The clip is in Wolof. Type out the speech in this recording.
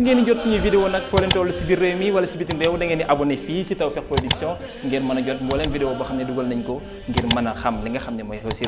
ngeen di jot suñuy vidéo nag foo leen toll si biir réew mi wala si bitim réew da ngeen di abonné fii si Tawfekh Production ngeen mën a jot mbooleem vidéo boo xam ne dugal nañ ko ngir mën a xam ne mooy xew si